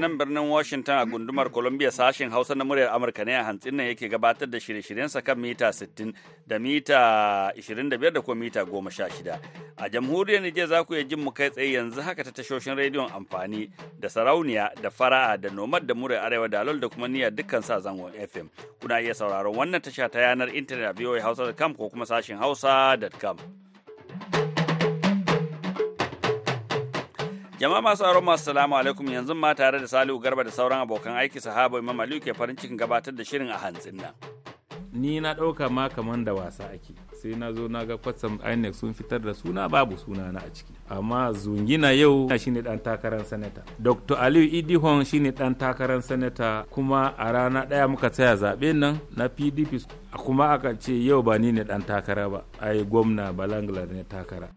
nan birnin Washington a gundumar Columbia sashen Hausa na muryar Amurka ne a hantsin nan yake gabatar da shirye-shiryensa kan mita 60 da mita 25 da kuma mita 16. A jamhuriyar Nijar za ku iya jin mu kai tsaye yanzu haka ta tashoshin rediyon amfani da sarauniya da fara'a da nomad da muryar arewa da alol da kuma niyya dukkan sa zangon FM. Kuna iya sauraron wannan tasha ta yanar intanet a hausa.com ko kuma sashen hausa.com. Jama'a masu aron masu salamu alaikum yanzu ma tare da Salihu Garba da sauran abokan aiki sahaba Imam Aliyu ke farin cikin gabatar da shirin a hantsin nan. Ni na ɗauka ma kaman da wasa ake sai na zo na ga kwatsam INEC sun fitar da suna babu suna na a ciki. Amma zungina yau shine dan takarar sanata. Dr. Aliyu Idihon shine dan takarar sanata kuma a rana ɗaya muka tsaya zaɓe nan na PDP kuma aka ce yau ba ni ne dan takara ba ai gwamna balangla ne takara.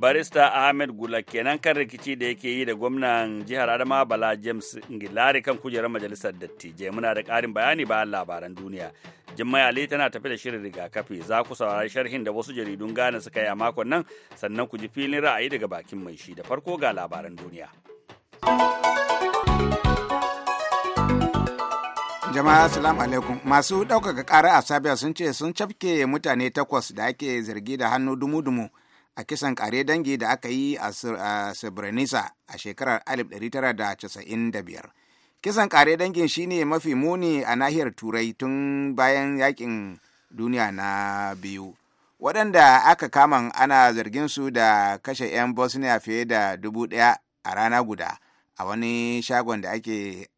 barista ahmed gula kenan kan rikici da yake yi da gwamnan jihar adama bala james ngilari kan kujerar majalisar dattijai muna da karin bayani bayan labaran duniya jimmai ali tana tafi da shirin rigakafi za ku saurari sharhin da wasu jaridun gane suka yi a makon nan sannan ku ji filin ra'ayi daga bakin mai shi da farko ga labaran duniya jama'a salamu alaikum masu ɗaukaka ƙara a sabiya sun ce sun cafke mutane takwas da ake zargi da hannu dumu-dumu a kisan kare dangi da aka yi a Srebrenica a shekarar 1995. Kisan kare dangin ne mafi muni a nahiyar Turai tun bayan yakin duniya na biyu. Waɗanda aka kama ana zargin su da kashe 'yan Bosnia fiye da dubu ɗaya a rana guda a wani shagon da ake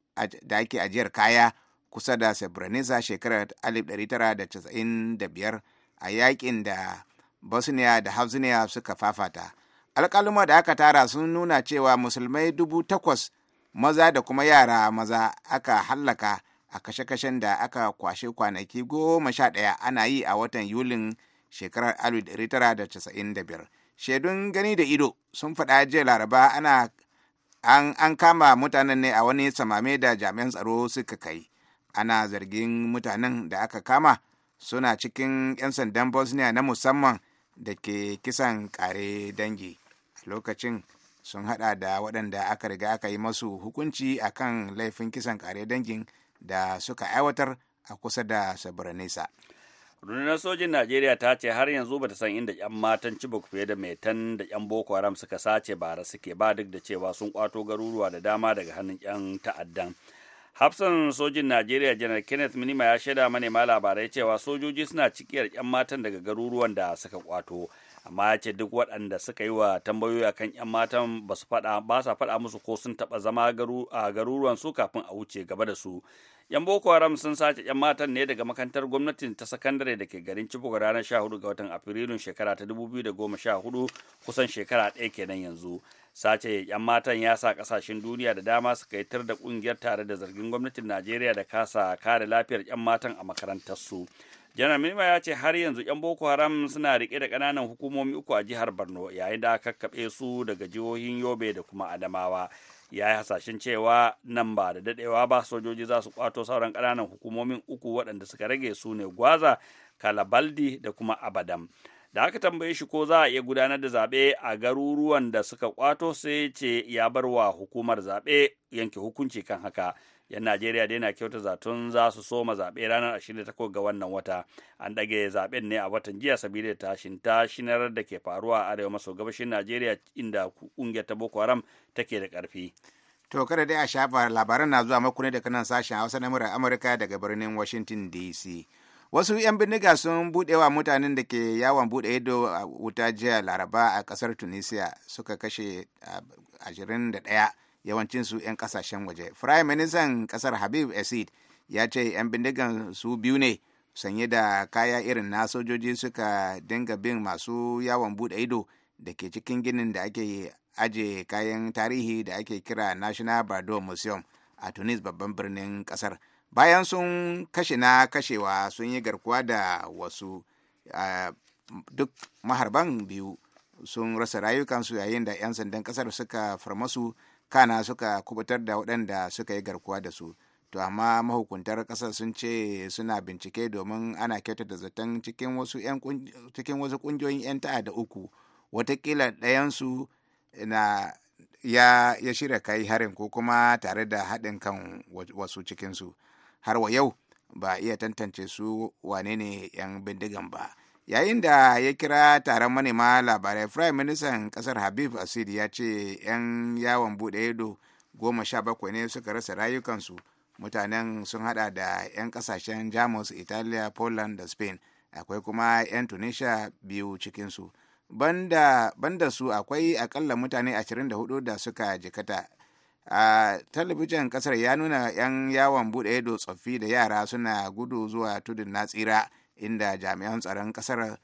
ajiyar kaya kusa da Srebrenica shekarar 1995 a yakin da bosnia da hafziniya suka fafata alƙaluma da aka tara sun nuna cewa musulmai dubu takwas maza da kuma yara maza aka hallaka a kashe-kashen da aka kwashe kwanaki goma sha ɗaya ana yi a watan yulin shekarar 1995 shaidun gani da ido sun faɗa jiya laraba ana an, an kama mutanen ne a wani samame da jami'an tsaro suka kai ana zargin mutanen da aka kama suna cikin 'yan sandan bosnia na musamman da ke kisan kare dangi a lokacin sun hada da waɗanda aka riga aka yi masu hukunci a kan laifin kisan kare dangin da suka aiwatar a kusa da nesa. rundunar sojin najeriya ta ce har yanzu bata san inda yan matan cibok fiye da metan da yan boko haram suka sace bara suke ba duk da cewa sun kwato garuruwa da dama daga hannun yan ta'addan hafsan sojin najeriya janar kenneth minima ya shaida manema labarai cewa sojoji suna cikiyar 'yan matan daga garuruwan da suka kwato amma ya ce duk waɗanda suka yi wa tambayoyi kan 'yan matan ba sa faɗa musu ko sun taba zama a garuruwan su kafin a wuce gaba da su yan boko haram sun sace yan matan ne daga makantar gwamnatin ta sakandare da ke garin chibok ranar 14 ga watan afrilun shekara ta 2014 kusan shekara ɗaya kenan yanzu sace yan matan ya sa kasashen duniya da dama suka yi tar da kungiyar tare da zargin gwamnatin najeriya da kasa kare lafiyar yan matan a makarantarsu janar minima ya ce har yanzu yan boko haram suna rike da kananan hukumomi uku a jihar borno yayin da aka kakkaɓe su daga jihohin yobe da kuma adamawa ya yi hasashen cewa nan ba da dadewa ba sojoji za su kwato sauran kananan hukumomin uku waɗanda suka rage su ne gwaza kalabaldi da kuma abadam da aka tambaye shi ko za a iya gudanar da zaɓe a garuruwan da suka kwato sai ce ya bar wa hukumar zaɓe yanke hukunci kan haka yan najeriya dai na kyauta zaton za su soma zaɓe ranar 28 ga wannan wata an ɗage zaɓen ne a watan jiya sabida tashin tashinar da ke faruwa a arewa maso gabashin najeriya inda ƙungiyar ta boko haram take da ƙarfi to kada dai a shafa labaran na zuwa maku ne da kanan sashen hausa na murar amurka daga birnin washington dc wasu 'yan bindiga sun bude wa mutanen da ke yawon bude ido a wuta jiya laraba a kasar tunisia suka kashe 21 yawancinsu 'yan kasashen waje firayim minister kasar habib esid ya ce 'yan bindigan su biyu ne sanye da kaya irin na sojoji suka dinga bin masu yawon bude ido da ke cikin ginin da ake aje kayan tarihi da ake kira national bardo museum a tunis babban birnin kasar. bayan sun kashe na kashewa sun yi garkuwa da wasu duk maharban biyu sun rasa rayukansu yayin da 'yan sandan kasar suka farmasu kana suka kubutar da waɗanda suka yi garkuwa da su to amma mahukuntar ƙasar sun ce suna bincike domin ana da zaton cikin wasu ƙungiyoyin 'yan ta'ada uku watakila ɗayansu na ya shirya kai harin ko kuma tare da haɗin kan wasu cikinsu har wa yau ba iya tantance su wane ne 'yan bindigan ba yayin da ya kira taron manema labarai prime minister kasar habib asid ya ce 'yan yawon bude ido goma sha bakwai ne suka rasa rayukansu mutanen sun hada da 'yan kasashen jamus italiya poland da spain akwai kuma 'yan tunisia biyu cikinsu banda, banda su akwai akalla mutane 24 da suka jikata a talabijin kasar ya nuna 'yan yawon bude ido tsoffi da yara suna gudu zuwa tudun na tsira inda jami'an tsaron kasar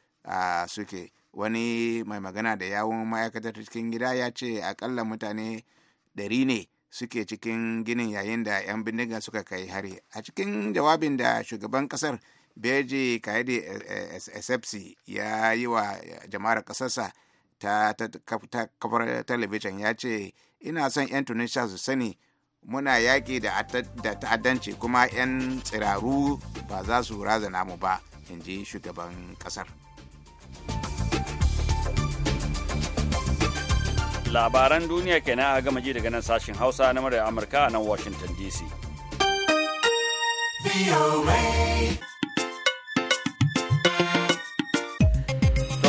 suke wani mai magana da yawon ma'aikatar cikin gida ya ce akalla mutane ɗari ne suke cikin ginin yayin da 'yan bindiga suka kai hari a cikin jawabin da shugaban kasar beji kaidi esepsi ya yi wa jama'ar kasarsa ta kafar talabijin ya ce ina son 'yan tunisia su sani muna yaƙi da ta'addanci kuma 'yan tsiraru ba za su razana mu ba in ji shugaban ƙasar labaran duniya kenan a gama ji daga nan sashen hausa na murar amurka a nan washington dc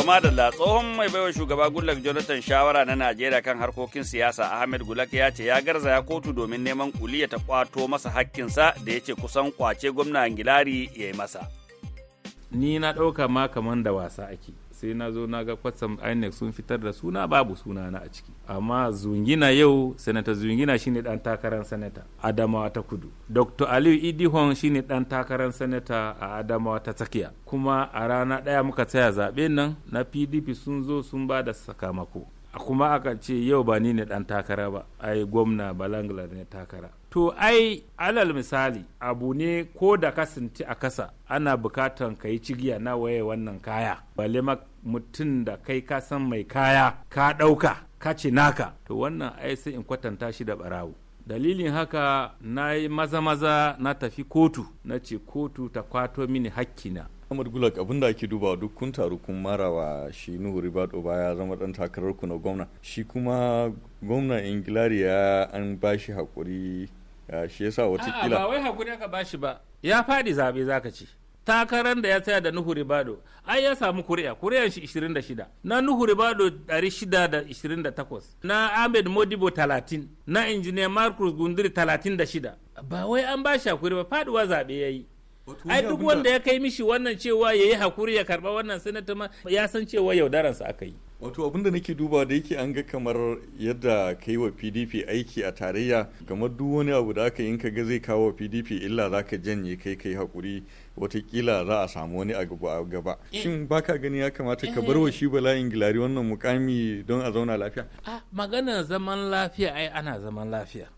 madalla tsohon mai baiwa shugaba Goodluck Jonathan shawara na Najeriya kan harkokin siyasa Ahmed Gulak ya ce ya garzaya kotu domin neman kuliya ta kwato masa hakkinsa da ya ce kusan kwace gwamna Angilari ya yi masa. Ni na ɗauka ma kamar da wasa ake. sai na zo na ga kwatsam inec sun fitar da suna babu suna na a ciki amma zungina yau sanata zungina shine dan takarar sanata adamawa ta kudu dr aliyu idihon shine dan takarar sanata a adamawa ta tsakiya kuma a rana ɗaya muka tsaya zaɓe nan na pdp sun zo sun ba da sakamako kuma aka ce yau ba ni ne dan takara ba ai gwamna balangla ne takara to ai alal misali abu ne ko da ka sinti a kasa ana bukatan ka yi cigiya na waye wannan kaya bale mutum da kai ka san mai kaya ka ɗauka ka ce naka to wannan ai sai in kwatanta shi da barawo dalilin haka na yi maza-maza na tafi kotu na ce kotu ta kwato mini hakkina Ahmad Gulak abinda ake duba duk kun taru kun marawa shi Nuhu Ribado baya zama dan takarar ku na gwamna shi kuma gwamna Ingilari ya an bashi hakuri shi yasa kila ba wai hakuri aka bashi ba ya fadi zabe zaka ci. takarar da ya tsaya da Nuhu Ribado ai ya samu kuri'a kuri'an shi 26 na Nuhu Ribado 628 na Ahmed Modibo 30 na injiniya Marcus Gundiri 36 ba wai an bashi hakuri ba faduwa zabe yayi ai duk wanda ya kai mishi wannan cewa yayi hakuri ya karba wannan sanata ma ya san cewa yaudaransa aka yi wato da nake duba da yake an ga kamar yadda ka yi wa pdp aiki a tarayya kamar duk wani abu da aka yi ka ga zai kawo pdp illa za ka janye kai kai hakuri, watakila za a samu wani a gaba eh. shin baka gani ya kamata ka bar wa eh. shi bala ingilari wannan mukami don a zauna lafiya a ah, magana zaman lafiya ai ana zaman lafiya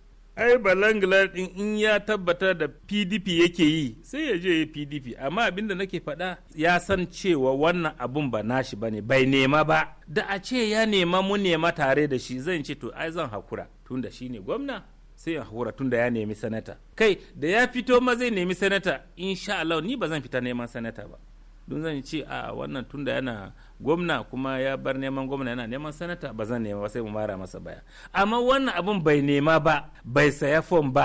ai balanglar din in ya tabbata da pdp yake yi sai ya je pdp amma abin da nake faɗa ya san cewa wannan abun ba nashi ba ne bai nema ba da a ce ya nema mu nema tare da shi zan ce to ai zan hakura tunda shi ne gwamna sai ya hakura tunda ya nemi sanata kai da ya fito ma zai nemi sanata insha Allah ni ba zan fita neman sanata ba don zan ce a wannan tunda yana gwamna kuma ya bar neman gwamna yana neman sanata ba zan nema sai mu mara masa baya amma wannan abun bai nema ba bai saya fom ba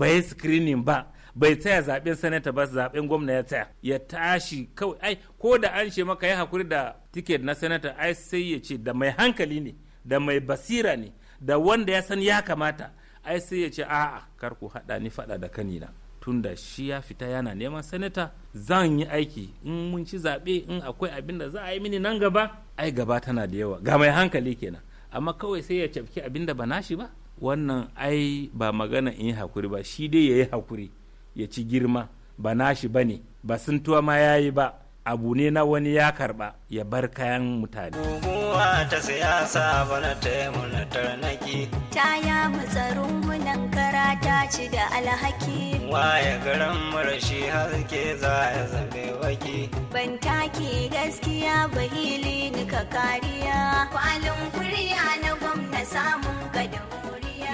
bai screening ba bai taya zaben sanata ba zaben gwamna ya tsaya ya tashi kawai ai ko da an ce maka ya hakuri da tiket na sanata ai sai ya ce da mai hankali ne da mai basira ne da wanda ya san ya kamata ai sai ya ce a'a kar ku haɗa ni faɗa da kanina tunda shi ya fita yana neman sanata zan yi aiki in mun ci zaɓe in akwai abin da za a yi mini nan gaba ai gaba tana da yawa ga mai hankali kenan amma kawai sai ya cafki abin da ba nashi ba wannan ai ba magana in yi hakuri ba shi dai ya yi hakuri ya ci girma ba nashi ba ne ba tuwa ma ya yi ba abu ne na wani ya karba ya bar kayan mutane. Guguwa ta siyasa bana ta na tarnaki. Ta ya matsarin gunan kara ta ci da alhaki. Waye garin marashi haske za ya zabe waki. Ban take gaskiya ba hili ka kariya. Kwalin kuriya na gwamna samun ka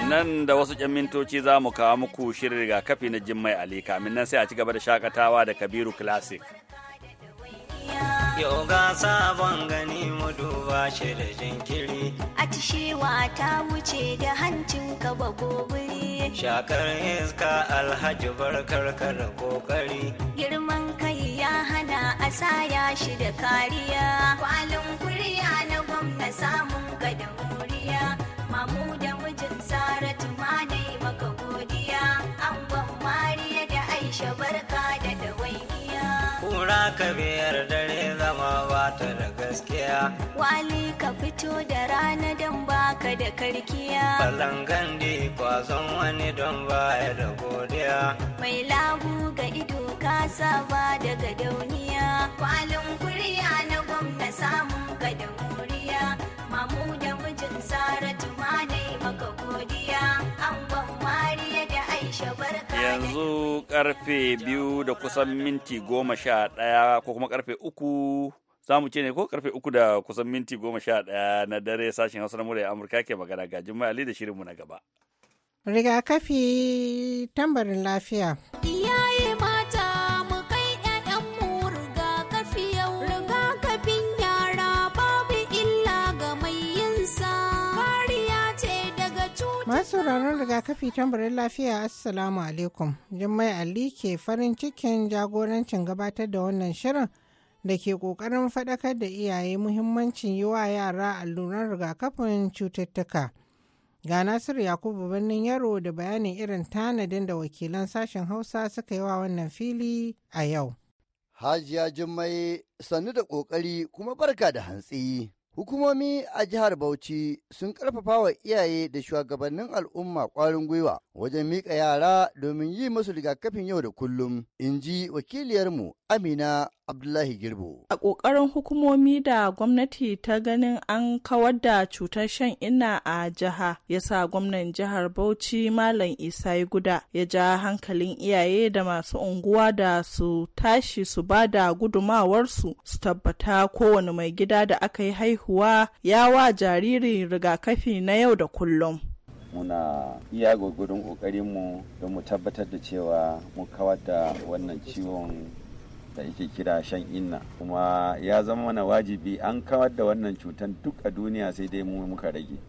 Nan da wasu ƴan mintoci za mu kawo muku shirin rigakafi na Jummai Ali kamin nan sai a ci gaba da shakatawa da Kabiru Classic. yau ga sabon gani mu duba shi da jinkiri tishewa ta wuce da hancin ka ba gobiri shakar iska alhaji barkar ka da kokari girman kai ya hana a saya shi da kariya kwalin kuriya na gwamna samun gadon ka biyar dare zama ba da gaskiya wali ka fito da rana don baka da karkiya balangan di kwazon wani don baya da godiya mai labu ga ido ka saba daga dauniya kwalin kurya na gwamna samun ka yanzu karfe biyu da kusan minti goma sha ɗaya ko kuma karfe uku za ce ne ko karfe uku da kusan minti goma sha ɗaya na dare sashen hausa na murya amurka ke magana ga jimma ali da shirinmu na gaba rigakafi tambarin lafiya iyaye sauraron rigakafi tambarin lafiya assalamu alaikum jummai ali ke farin cikin jagorancin gabatar da wannan shirin da ke ƙoƙarin faɗakar da iyaye muhimmancin yi wa yara alluran rigakafin cututtuka ga nasiru yakubu birnin yaro da bayanin irin tanadin da wakilan sashen hausa suka yi wa wannan fili a yau hajiya jummai sannu da ƙoƙari kuma barka da hantsi Hukumomi a jihar Bauchi sun ƙarfafa wa iyaye da shugabannin al'umma ƙwarin gwiwa wajen miƙa yara domin yi musu rigakafin yau da kullum, in ji wakiliyarmu Amina Abdullahi Girbo. A ƙoƙarin hukumomi da gwamnati ta ganin an kawar da cutar shan ina a jiha ya sa gwamnan jihar Bauchi Malam Isa ya Guda ya ja hankalin iyaye da masu unguwa da su tashi su ba da gudumawarsu su tabbata kowane mai gida da aka yi haihuwa ya wa jariri rigakafi na yau da kullum. muna iya gwagwarin ƙoƙarinmu don mu tabbatar da cewa mu kawar da wannan ciwon da ake kira shan inna kuma ya zama mana wajibi an kawar da wannan cutan duk a duniya sai dai mu muka rage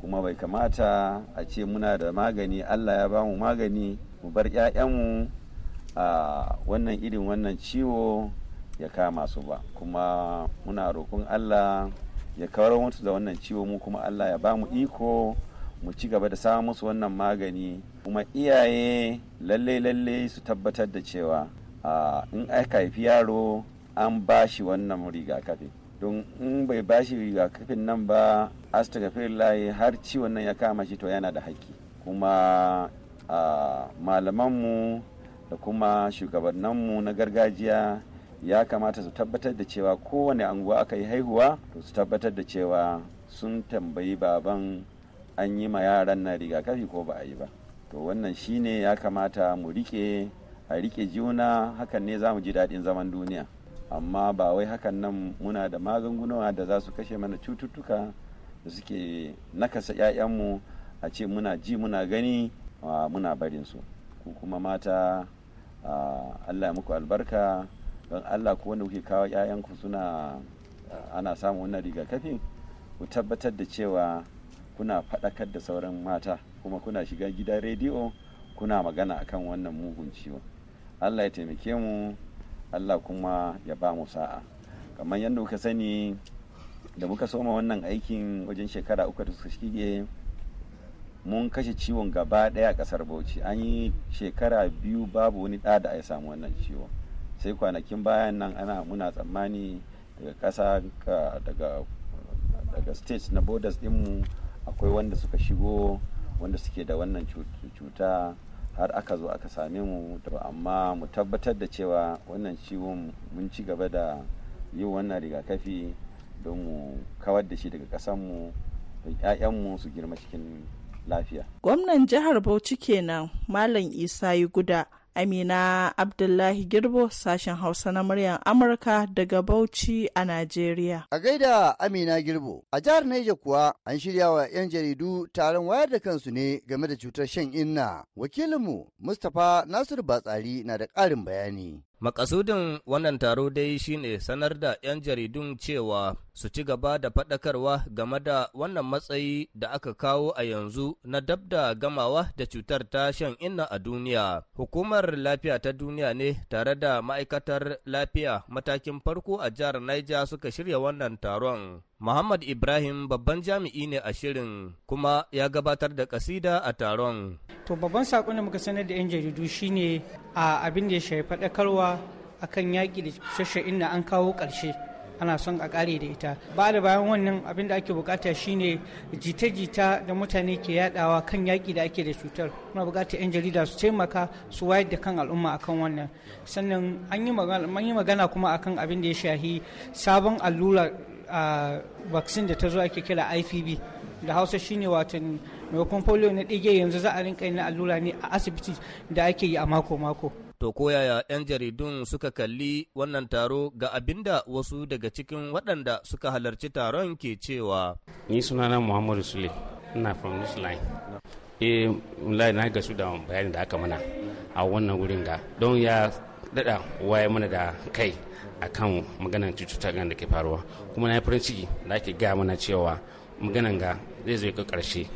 kuma bai kamata a ce muna da magani allah ya bamu magani mu bar 'ya'yanmu a wannan irin wannan ciwo ya kama su ba kuma muna roƙon allah ya kawar mutu da wannan ciwo mu kuma allah ya bamu iko mu ci gaba da samun musu wannan magani kuma iyaye lalle lalle su tabbatar da cewa in aka haifi yaro an ba shi wannan rigakafi don in bai ba shi rigakafin nan ba astagfirullah har ciwon nan ya kama shi to yana da haƙƙi kuma malamanmu da kuma shugabanninmu na gargajiya ya kamata su tabbatar da cewa kowane anguwa aka yi haihuwa to su tabbatar da cewa sun tambayi baban an yi ma yaran na rigakafi ko ba a yi ba to wannan shine ya kamata mu rike a rike juna hakan ne za mu ji daɗin zaman duniya amma ba wai hakan nan muna da magungunawa da za su kashe mana cututtuka da suke nakasa 'ya'yanmu a ce muna ji muna gani muna barin su ku kuma mata allah ya muku albarka don allah ko wanda kuke kawo 'ya'yanku suna ana samu wannan rigakafin ku tabbatar da cewa kuna faɗakar da sauran mata kuma kuna shiga gidan rediyo kuna magana akan wannan mugun ciwo allah ya taimake mu allah kuma ya ba mu sa'a kamar yadda kuka sani da muka soma wannan aikin wajen shekara uku da suka shige mun kashe ciwon gaba daya a kasar bauchi an yi shekara biyu babu wani da ya samu wannan ciwo. sai kwanakin bayan nan ana muna tsammani daga kasa daga daga states na borders dinmu akwai wanda suka shigo wanda suke da wannan cuta har aka zo aka same mu amma mu tabbatar da cewa wannan ciwon mun ci gaba da yin wannan rigakafi don mu kawar da shi daga ƙasanmu don mu su girma cikin lafiya. Gwamnan jihar Bauchi kenan Malam Isa yi Guda Amina Abdullahi Girbo sashen Hausa na muryar Amurka daga Bauchi a Najeriya. A gaida Amina Girbo, a jihar Niger kuwa an shirya wa 'yan jaridu taron wayar da kansu ne game da cutar shan inna. Wakilinmu Mustapha Nasiru Batsari na da ƙarin bayani. Makasudin wannan taro dai shine sanar da 'yan jaridun cewa su ci gaba da faɗakarwa game da wannan matsayi da aka kawo a yanzu na dab da gamawa da cutar ta shan inna a duniya. Hukumar lafiya ta duniya ne tare da ma'aikatar lafiya matakin farko a jihar Niger suka shirya wannan taron. Muhammad Ibrahim babban jami'i ne a shirin kuma ya gabatar da kasida a taron. To babban saƙon da muka sanar da 'yan jaridu shine a abin da ya shafi faɗakarwa akan yaƙi da sashe inda an kawo ƙarshe ana son a ƙare da ita. Ba da bayan wannan abin da ake bukata shine jita-jita da mutane ke yaɗawa kan yaƙi da ake da cutar. Muna bukatar 'yan jarida su taimaka su wayar da kan al'umma akan wannan. Sannan an yi magana kuma akan abin da ya shahi sabon allura a vaccine da ta zo ake kira ipv da hausa shine watan maimakon polio na ɗige yanzu za a rinka yin allura ne a asibiti da ake yi a mako-mako to koyaya 'yan jaridun suka kalli wannan taro ga abinda wasu daga cikin waɗanda suka halarci taron ke cewa ni sunana muhammadu sule ina from this line eh mulai na gasu da bayani da aka mana a wannan wurin ga don ya daɗa waye mana da kai a kan maganan cututtukan da ke faruwa kuma na yi farin ciki da ake gaya mana cewa maganan ga zai zai ga karshe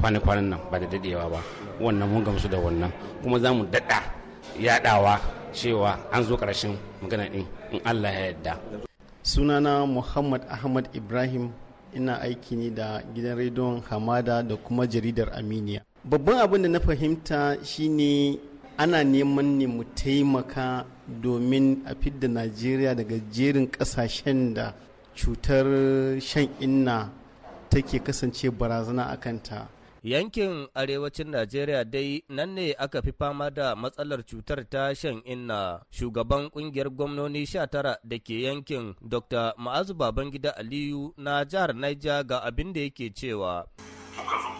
kwanakwanan nan ba da dadewa ba wannan mun gamsu da wannan kuma za mu daɗa yaɗawa cewa an zo ƙarshen magana ɗin in allah ya yarda sunana muhammad ahmad ibrahim ina aiki ne da gidan rediyon hamada da kuma jaridar aminiya babban abin da na fahimta shine ana neman ne mu taimaka domin a fidda najeriya daga jerin kasashen da cutar shan inna take kasance barazana a kanta yankin arewacin najeriya dai nan ne aka fi fama da matsalar cutar ta shan inna shugaban kungiyar gwamnoni 19 da ke yankin dr ma'azu babangida aliyu na jihar niger ga abin da yake cewa muka zo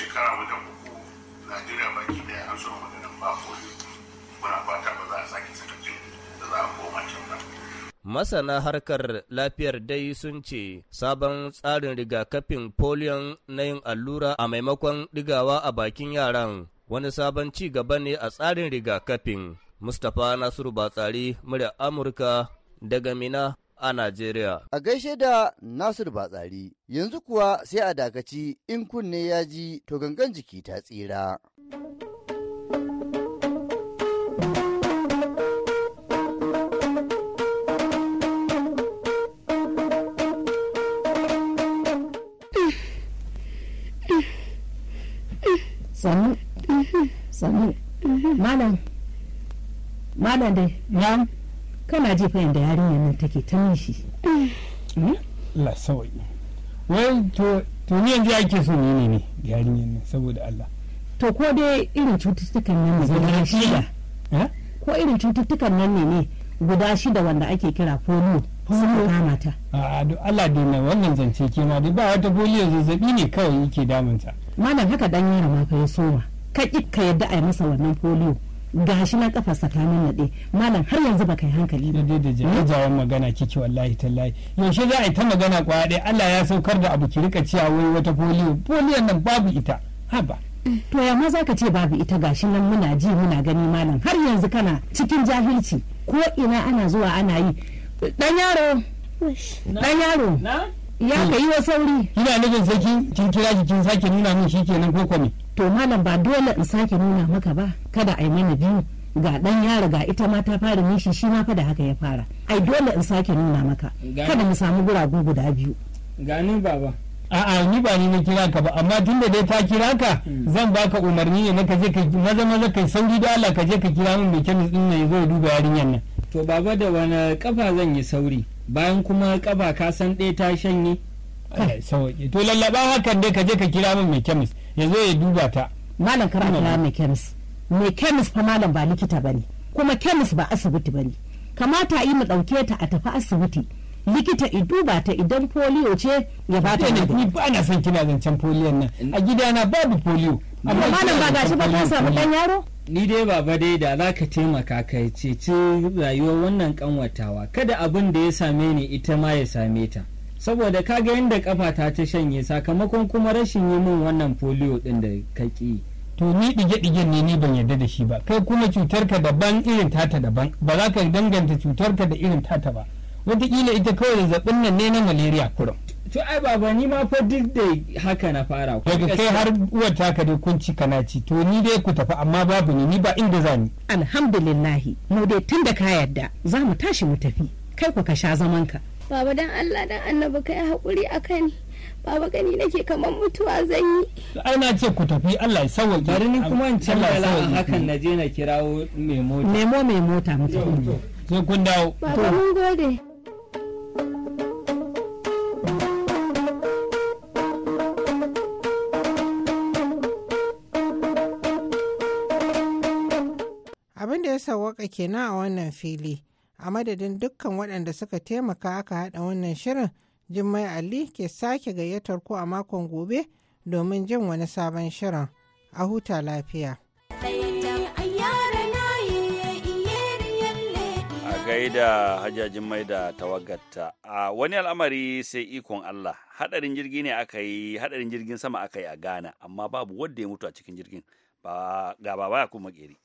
shekara uku najeriya baki daya an ba muna fata ba za a sake da za a koma can ba Masana harkar lafiyar dai sun ce sabon tsarin rigakafin polion na yin allura a maimakon digawa a bakin yaran wani sabon ci gaba ne a tsarin rigakafin. Mustapha Nasiru Batsari, murya Amurka daga Mina a Najeriya. A gaishe da Nasir Batsari, yanzu kuwa sai a dakaci in kunne ya ji to gangan jiki ta tsira. Sanu, sanu, malam, malam dai, kana jefa yadda da yarinyar nan take ta nishi hmm? la sawai wai to to ni yanzu ake so ne ne yarinyar nan saboda Allah to ko dai irin cututtukan nan ne guda shida eh? ko irin cututtukan nan ne ne guda shida wanda ake kira polio Polio kama ta a Allah na wannan zance ke ma dai ba wata polio zazzabi ne kawai yake damunta malam haka dan yara ma fa ya soma ka ki ka yadda a yi masa wannan polio gashi na kafa tsakanin naɗe malam har yanzu ba kai hankali ba da da hmm? magana kike wallahi tallahi yaushe za a yi ta magana kwaya ɗaya Allah ya saukar da abu ki rika cewa wai wata polio polio nan babu ita haba to ya ma za ka ce babu ita gashi nan muna ji muna gani malam har yanzu kana cikin jahilci ko ina ana zuwa ana yi dan yaro dan yaro ya ka yi wa sauri Ina nufin sai kin kira kin sake nuna min shikenan ko ko to malam ba dole in sake nuna maka ba kada a yi mana biyu ga dan yara ga ita ma ta fara nishi shi ma fa da haka ya fara ai dole in sake nuna maka kada mu samu guragu guda biyu gani baba a'a ni ba ni na kira ka ba amma tunda dai ta kira ka hmm. zan baka umarni ne na ka je ka maza maza kai sauri da Allah ka je ka kira min mai kemis din nan ya duba yarinyar nan to baba da wani kafa zan yi sauri bayan kuma kafa ka san ɗaya ta shanye Eh, sauki to lallaba hakan dai ka je ka kira min mai kemis ya zo ya duba ta malam kar a kira mai kemis mai kemis fa malam ba likita bane kuma kemis ba asibiti bane kamata yi mu dauke ta a tafi asibiti likita i duba ta idan polio ce ya ba ta ni ba na son kina zancen polio nan a gidana babu polio amma malam ba gashi ba ka samu dan yaro ni dai baba dai da za ka taimaka ka ce ceci rayuwar wannan kanwatawa kada abin da ya same ni ita ma ya same ta saboda ka ga yadda kafa ta ta shanye sakamakon kuma rashin yi min wannan polio din da ka ki to ni dige digen ne ni ban yarda da shi ba kai kuma cutar ka daban irin tata daban ba za ka danganta cutar ka da irin tata ba wataƙila ita kawai zazzabin nan ne na malaria kurum to ai baba ni ma fa duk da haka na fara daga kai har uwar taka dai kun ci kana ci to ni dai ku tafi amma babu ni ni ba inda za ni alhamdulillah mu dai tun da ka yarda za mu tashi mu tafi kai ku ka sha zaman ka baba dan Allah dan annabi kai hakuri kani baba gani nake kamar mutuwa zan yi ai na ce ku tafi Allah ya sauwaje bari ni kuma in ce Allah ya hakan na je na kirawo mai mota nemo mai mota mutum sai kun dawo baba mun gode abin da ya sawwaka kenan a wannan fili a madadin dukkan waɗanda suka taimaka aka haɗa wannan shirin jimmai ali ke sake gayyatar ku a makon gobe domin jin wani sabon shirin a huta lafiya gaida hajjajin mai da tawagarta a wani al'amari sai ikon Allah hadarin jirgi ne aka yi hadarin jirgin sama aka yi a Ghana amma babu wanda ya mutu a cikin jirgin ba ga baba kuma makeri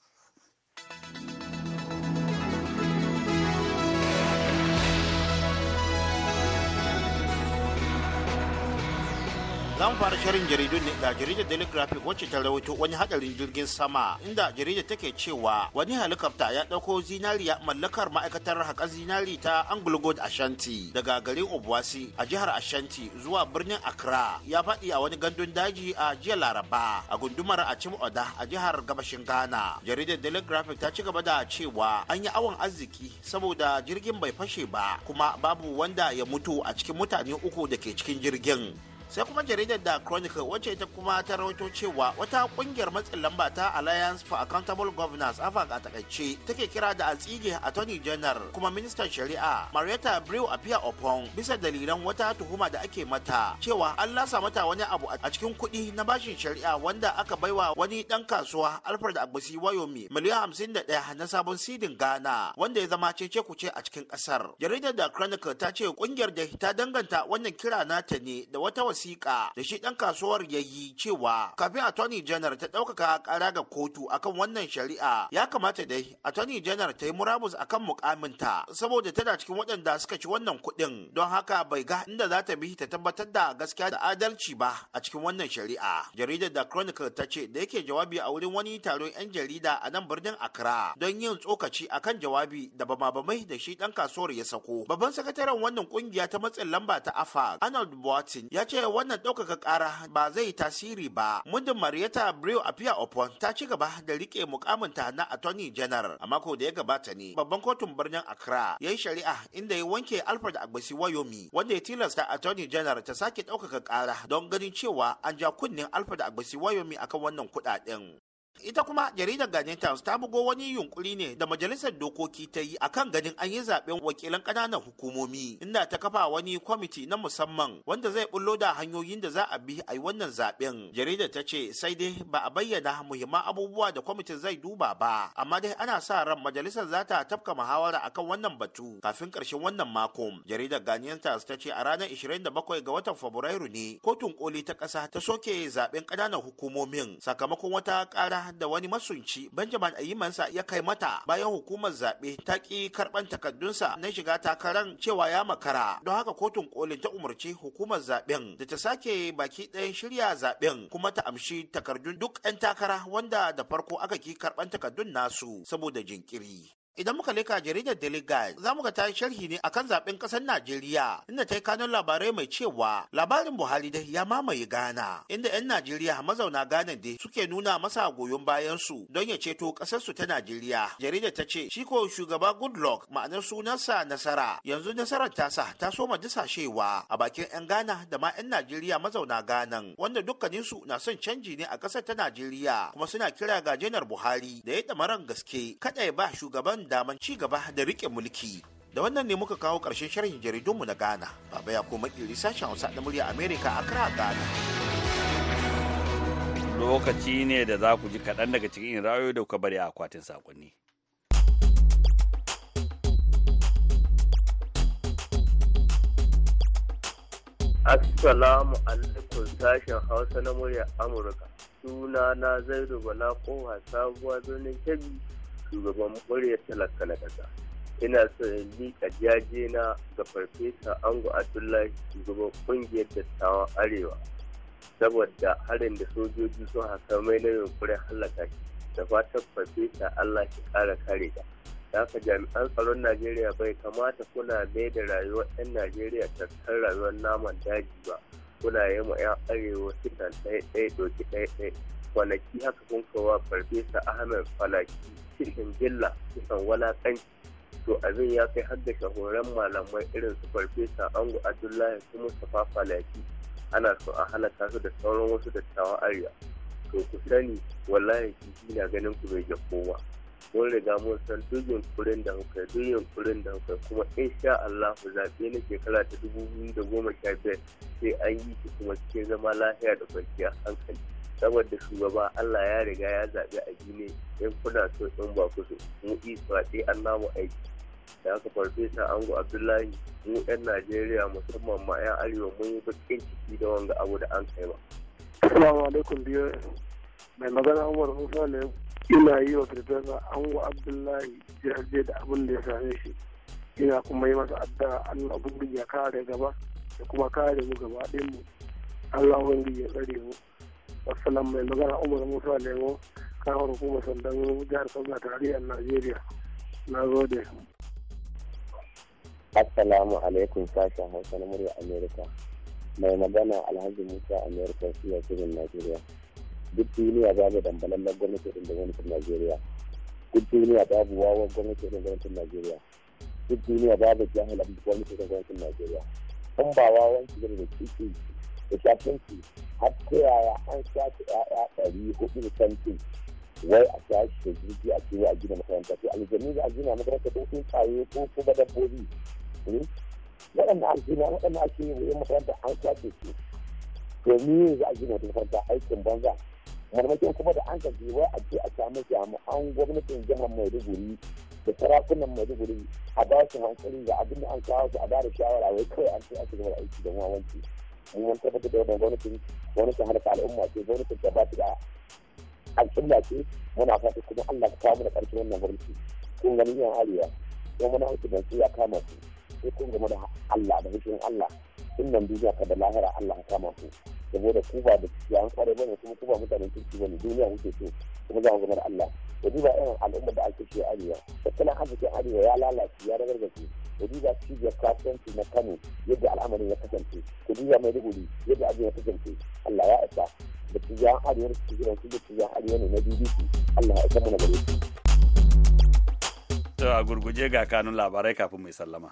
Zan fara shirin jaridun ne da jaridar daily graphic wacce ta rawaito wani hadarin jirgin sama inda jaridar take cewa wani helicopter ya dauko zinariya mallakar ma'aikatar haƙar zinari ta anglo gold ashanti daga garin obuasi a jihar ashanti zuwa birnin accra ya faɗi a wani gandun daji a jiya laraba a gundumar cim oda a jihar gabashin ghana jaridar daily graphic ta ci gaba da cewa an yi awon arziki saboda jirgin bai fashe ba kuma babu wanda ya mutu a cikin mutane uku da ke cikin jirgin sai kuma jaridar da chronicle wacce ita kuma ta rawaito cewa wata kungiyar matsin lamba ta alliance for accountable governance afak a takaice take kira da a attorney general kuma ministan shari'a marietta brew apia opon bisa dalilan wata tuhuma da ake mata cewa an lasa mata wani abu a cikin kuɗi na bashin shari'a wanda aka bai wa wani ɗan kasuwa alfred agbasi wayomi miliyan hamsin da ɗaya na sabon sidin ghana wanda ya zama cece kuce a cikin ƙasar jaridar da chronicle ta ce kungiyar da ta danganta wannan kira nata ne da wata wasi wasiƙa da shi ɗan kasuwar ya yi cewa kafin attorney general ta ɗaukaka ƙara ga kotu akan wannan shari'a ya kamata dai attorney general ta yi muramus akan mukaminta saboda tana cikin waɗanda suka ci wannan kuɗin don haka bai ga inda za ta bi ta tabbatar da gaskiya da adalci ba a cikin wannan shari'a jaridar da chronicle ta ce da yake jawabi a wurin wani taron 'yan jarida a nan birnin accra don yin tsokaci akan jawabi da bama Mai da shi ɗan kasuwar ya sako babban sakataren wannan kungiya ta matsin lamba ta afa arnold boatin ya ce wannan ɗaukaka ƙara ba zai tasiri ba muddin marietta brew apia opon ta ci gaba da riƙe mukaminta na attorney general a mako da ya gabata ne babban kotun birnin accra ya yi shari'a inda ya wanke alfred agbasi wayomi wanda ya tilasta attorney general ta sake ɗaukaka ƙara don ganin cewa an ja kunnen alfred agbasi wayomi akan wannan kuɗaɗen ita kuma jaridar Ghanaian Times ta bugo wani yunkuri ne da majalisar dokoki ta yi akan ganin an yi zaben wakilan ƙananan hukumomi inda ta kafa wani kwamiti na musamman wanda zai bullo da hanyoyin da za a bi a yi wannan zaben jaridar ta ce sai dai ba a bayyana muhimman abubuwa da kwamitin zai duba ba amma dai ana sa ran majalisar za ta tafka muhawara akan wannan batu kafin karshen wannan makon jaridar Ghanaian Times ta ce a ranar 27 ga watan Fabrairu ne kotun koli ta ƙasa ta soke zaɓen ƙananan hukumomin sakamakon wata ƙara da wani masunci Benjamin Ayimansa ya kai mata bayan hukumar zaɓe ta ƙi karɓan takardunsa na shiga takarar cewa ya makara. Don haka kotun kolin ta umarci hukumar zaɓen da ta sake baki ɗayan shirya zaɓen kuma ta amshi takardun duk 'yan takara wanda da farko aka ki karɓan takardun nasu saboda jinkiri. Idan muka leka jaridar Daily Guide, za mu ga ta yi sharhi ne akan zaben ƙasar Najeriya, inda ta yi kanun labarai mai cewa labarin Buhari da ya mamaye Ghana, inda 'yan Najeriya mazauna Ghana da suke nuna masa goyon bayan su don ya ceto kasar su ta Najeriya. Jaridar ta ce, shi ko shugaba Goodluck ma'anar sunansa nasara, yanzu nasarar tasa ta soma disashewa a bakin 'yan Ghana da ma 'yan Najeriya mazauna Ghana, wanda dukkaninsu na son canji ne a ƙasar ta Najeriya, kuma suna kira ga Janar Buhari da ya maran gaske, kada ya ba shugaban daman ci gaba da riƙe mulki da wannan ne muka kawo ƙarshen sharhin jaridunmu na ghana baba ya koma makiri sashen hausa na murya amerika a kira ghana lokaci ne da za ku ji kaɗan daga cikin rayo da kuka bari a akwatin saƙonni Assalamu alaikum sashen Hausa na murya Amurka. Suna na zai Bala Kowa sabuwa zonin Kebbi shugaban muryar talaka na kasa ina son liƙa jaje na ga farfesa ango abdullahi shugaban ƙungiyar dattawan arewa saboda harin da sojoji sun haka mai na yunkurin halaka shi da fatan farfesa allah ki ƙara kare ta da haka jami'an tsaron najeriya bai kamata kuna mai da rayuwar 'yan najeriya tattar rayuwar naman daji ba kuna yi ma 'yan arewa kitan ɗaya ɗaya ɗauki ɗaya ɗaya kwanaki haka kun kawa farfesa ahmed falaki cikin gilla kusan walakanci to abin ya kai har da shahoran malamai irin su farfesa ango abdullahi su mustapha falaki ana so a halaka su da sauran wasu dattawan arewa to ku sani wallahi kifi na ganin ku bai ga kowa mun riga mun san duk yunkurin da kuka duk yunkurin da kuka kuma insha Allah zaɓe na shekara ta dubu biyu da goma sha biyar sai an yi shi kuma cikin zama lafiya da kwanciyar hankali saboda shugaba Allah ya riga ya zaɓi a gine in kuna so in ba ku so mu isa sai an namu aiki da farfe farfesa ango abdullahi mu yan najeriya musamman ma yan arewa mun yi bakin ciki da wanga abu da an kai ba salamu alaikum biyo mai magana umar musa ne ina yi wa farfesa ango abdullahi jihar da abin da ya same shi ina kuma yi masa addu'a allah ubangiji ya kare gaba da kuma kare mu gaba ɗin mu allah ubangiji ya tsare mu Assalam mai magana Umar Musa Lemo, kawo hukumar sandan jihar Sokoto tarayyar Najeriya. Na gode. Assalamu alaikum sasha Hausa na murya Amerika. Mai magana Alhaji Musa Amerika siya cikin Najeriya. Duk duniya dambalan na gwamnati wani gwamnatin Najeriya. Duk duniya babu wawon gwamnati din gwamnatin Najeriya. Duk duniya babu jahilan gwamnati din gwamnatin Najeriya. Kun ba wawan su da kiki da shafinsu har yaya an sace ya'ya ɗari hudu da kantin wai a tashi da jirgi a cewa a gina makaranta to aljanu za a gina makaranta ko sun tsaye ko kuma dabbobi waɗanda aljina waɗanda ake yi wuyan makaranta an sace su to domin za a gina makaranta aikin banza marmakin kuma da an gaji wai a ce a samu jami'an an gwamnatin jihar maiduguri da sarakunan maiduguri a ba su hankali da abin da an kawo su a ba da shawara wai kawai an ce a ci gaba da aiki da wawanci mun tabbatar da wannan gwamnatin gwamnatin harkar al'umma ce wani da ba ta da al'umma ce muna fata kuma Allah ka kawo mana ƙarshen wannan gwamnati kun gani yan arewa don wani hausa ban ya kama su sai kun gama da Allah da hukumar Allah tun nan duniya ka da lahira Allah ka kama ku saboda ku ba da an kware bane kuma ku ba mutanen kirki bane duniya kuke so kuma za ku Allah da duba irin al'umma da ake ce arewa tattalin arzikin arewa ya lalace ya ragargaje da duba cibiyar kasuwanci na Kano yadda al'amarin ya kasance ku duba rubuli yadda abin ya kasance Allah ya isa da cibiyar arewa da cibiyar su da cibiyar arewa ne na BBC Allah ya isa mana gare su. a gurguje ga kanun labarai kafin mai sallama.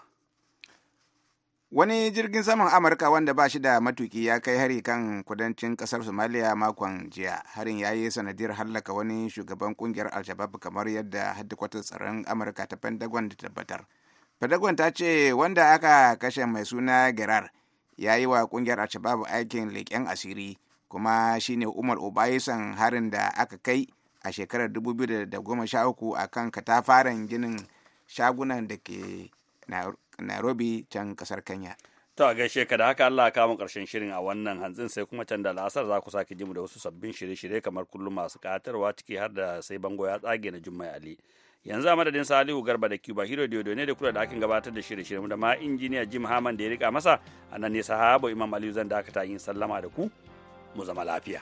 Wani jirgin saman Amurka wanda ba shi da matuki ya kai hari kan kudancin kasar somaliya makon jiya. Harin ya yi sanadiyar hallaka wani shugaban kungiyar Al-Shabaab kamar yadda hadikwatar tsaron Amurka ta Pentagon da tabbatar. Pentagon ta ce wanda aka kashe mai suna Gerar ya yi wa kungiyar Al-Shabaab aikin leƙen asiri kuma shine Umar Obayisan harin da aka kai a shekarar 2013 a kan katafaren ginin shagunan da ke nairobi can kasar kenya To a gaishe ka da haka Allah ya kawo karshen shirin a wannan hantsin sai kuma can da la'asar za ku sake ji da wasu sabbin shirye-shirye kamar kullum masu katarwa ciki har da sai bango ya tsage na Jummai Ali. Yanzu a madadin Salihu Garba da Cuba Hero Dio ne da kula da akin gabatar da shirye-shirye da ma injiniya Jim Haman da ya rika masa a nan ne sahabo Imam Aliyu zan dakata yin sallama da ku mu zama lafiya.